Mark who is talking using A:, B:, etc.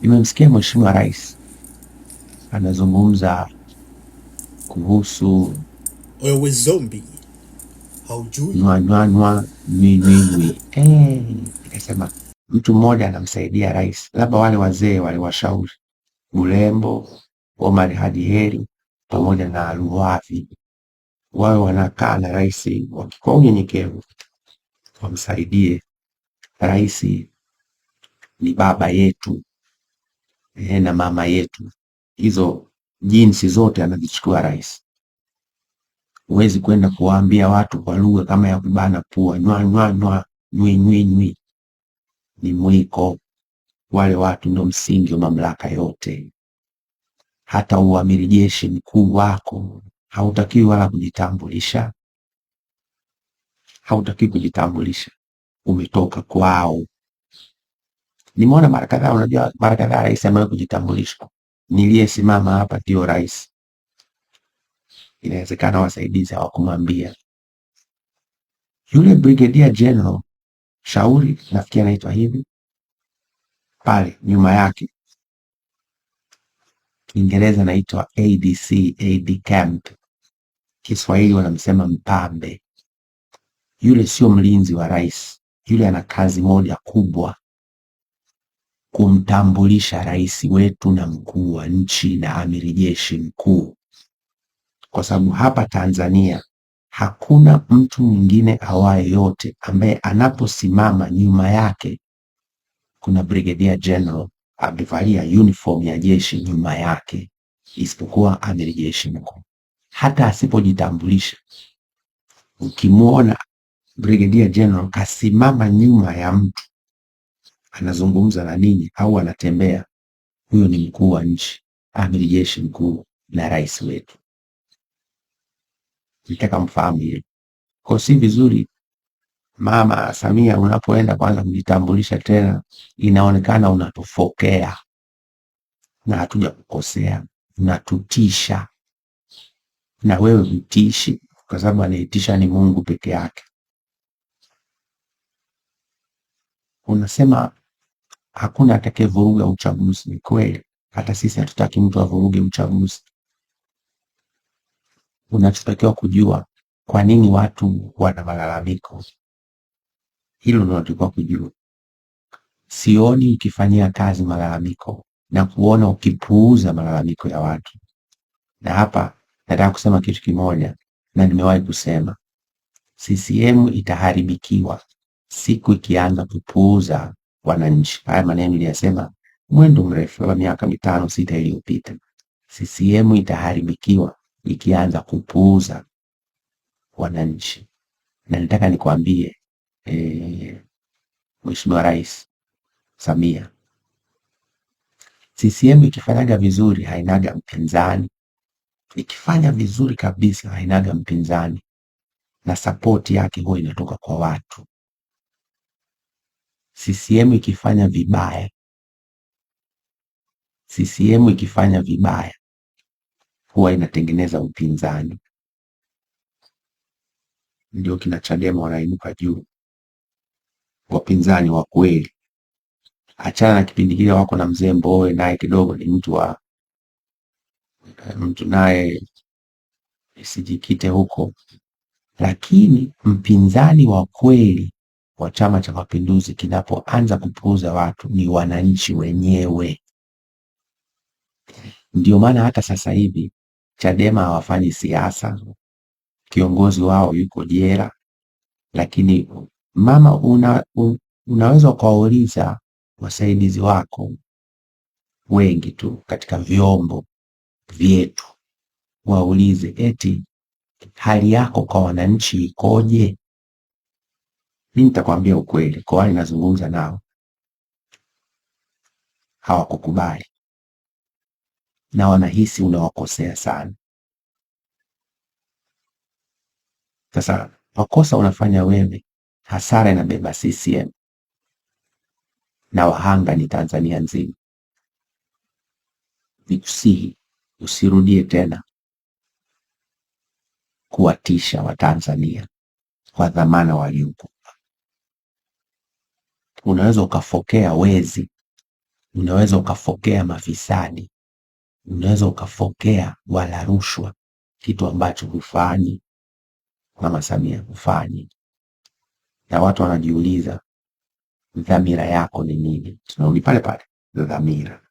A: Nimemsikia Mheshimiwa Rais anazungumza kuhusu
B: wewe zombi haujui
A: nywanywanywa nywinywinywi. Eh, nikasema mtu mmoja anamsaidia rais, labda wale wazee waliwashauri Bulembo, Omar Hadi Heri pamoja na ruwavi wawe wanakaa na rais kwa unyenyekevu, wamsaidie rais. Ni baba yetu Eh, na mama yetu, hizo jinsi zote anazichukua rais. Huwezi kwenda kuwaambia watu kwa lugha kama ya kubana pua, nywa nywa nywa, nywi nywi nywi, ni mwiko. Wale watu ndio msingi wa mamlaka yote. Hata uamiri jeshi mkuu wako hautakiwi wala kujitambulisha, hautakiwi kujitambulisha, umetoka kwao. Nimeona mara kadhaa, unajua mara kadhaa rais amewahi kujitambulisha, niliyesimama hapa ndio rais. Inawezekana wasaidizi hawakumwambia yule brigadier general Shauri, nafikiri anaitwa hivi, pale nyuma yake Kiingereza naitwa ADC, AD camp, Kiswahili wanamsema mpambe. Yule sio mlinzi wa rais, yule ana kazi moja kubwa kumtambulisha rais wetu na mkuu wa nchi na amiri jeshi mkuu, kwa sababu hapa Tanzania hakuna mtu mwingine awaye yote ambaye anaposimama nyuma yake kuna brigadier general amevalia uniform ya jeshi nyuma yake, isipokuwa amiri jeshi mkuu. Hata asipojitambulisha, ukimwona brigadier general kasimama nyuma ya mtu anazungumza na ninyi au anatembea, huyo ni mkuu wa nchi, amiri jeshi mkuu na rais wetu. Nitaka mfahamu hilo. Kwa si vizuri Mama Samia, unapoenda kwanza kujitambulisha tena, inaonekana unatufokea, na hatuja kukosea, unatutisha na wewe mtishi, kwa sababu anaitisha ni Mungu peke yake. Unasema hakuna atakayevuruga uchaguzi. Ni kweli, hata sisi hatutaki mtu avuruge uchaguzi. Unachotakiwa kujua kwa nini watu wana malalamiko, hilo unatakiwa kujua. Sioni ukifanyia kazi malalamiko na kuona ukipuuza malalamiko ya watu. Na hapa nataka kusema kitu kimoja, na nimewahi kusema, CCM itaharibikiwa siku ikianza kupuuza wananchi. Haya maneno niliyasema mwendo mrefu wa miaka mitano sita iliyopita. CCM itaharibikiwa ikianza kupuuza wananchi, na nataka nikwambie eh, Mheshimiwa Rais Samia, CCM ikifanyaga vizuri hainaga mpinzani, ikifanya vizuri kabisa hainaga mpinzani, na sapoti yake huwa inatoka kwa watu CCM ikifanya vibaya, CCM ikifanya vibaya huwa inatengeneza upinzani, ndio kina Chadema wanainuka juu, wapinzani wa kweli. Achana na kipindi kile wako na mzee Mbowe, naye kidogo ni mtu wa mtu, naye isijikite huko, lakini mpinzani wa kweli wa Chama cha Mapinduzi kinapoanza kupuuza watu ni wananchi wenyewe. Ndio maana hata sasa hivi Chadema hawafanyi siasa, kiongozi wao yuko jela, lakini mama una, un, unaweza ukawauliza wasaidizi wako wengi tu katika vyombo vyetu, waulize eti hali yako kwa wananchi ikoje? mi nitakwambia ukweli, kwa wale nazungumza nao hawakukubali na wanahisi unawakosea sana. Sasa makosa unafanya wewe, hasara inabeba CCM na wahanga ni Tanzania nzima. Nikusihi usirudie tena kuwatisha Watanzania kwa dhamana waliopo unaweza ukafokea wezi, unaweza ukafokea mafisadi, unaweza ukafokea wala rushwa, kitu ambacho hufanyi Mama Samia hufanyi, na watu wanajiuliza dhamira yako ni nini? Tunarudi pale pale, dhamira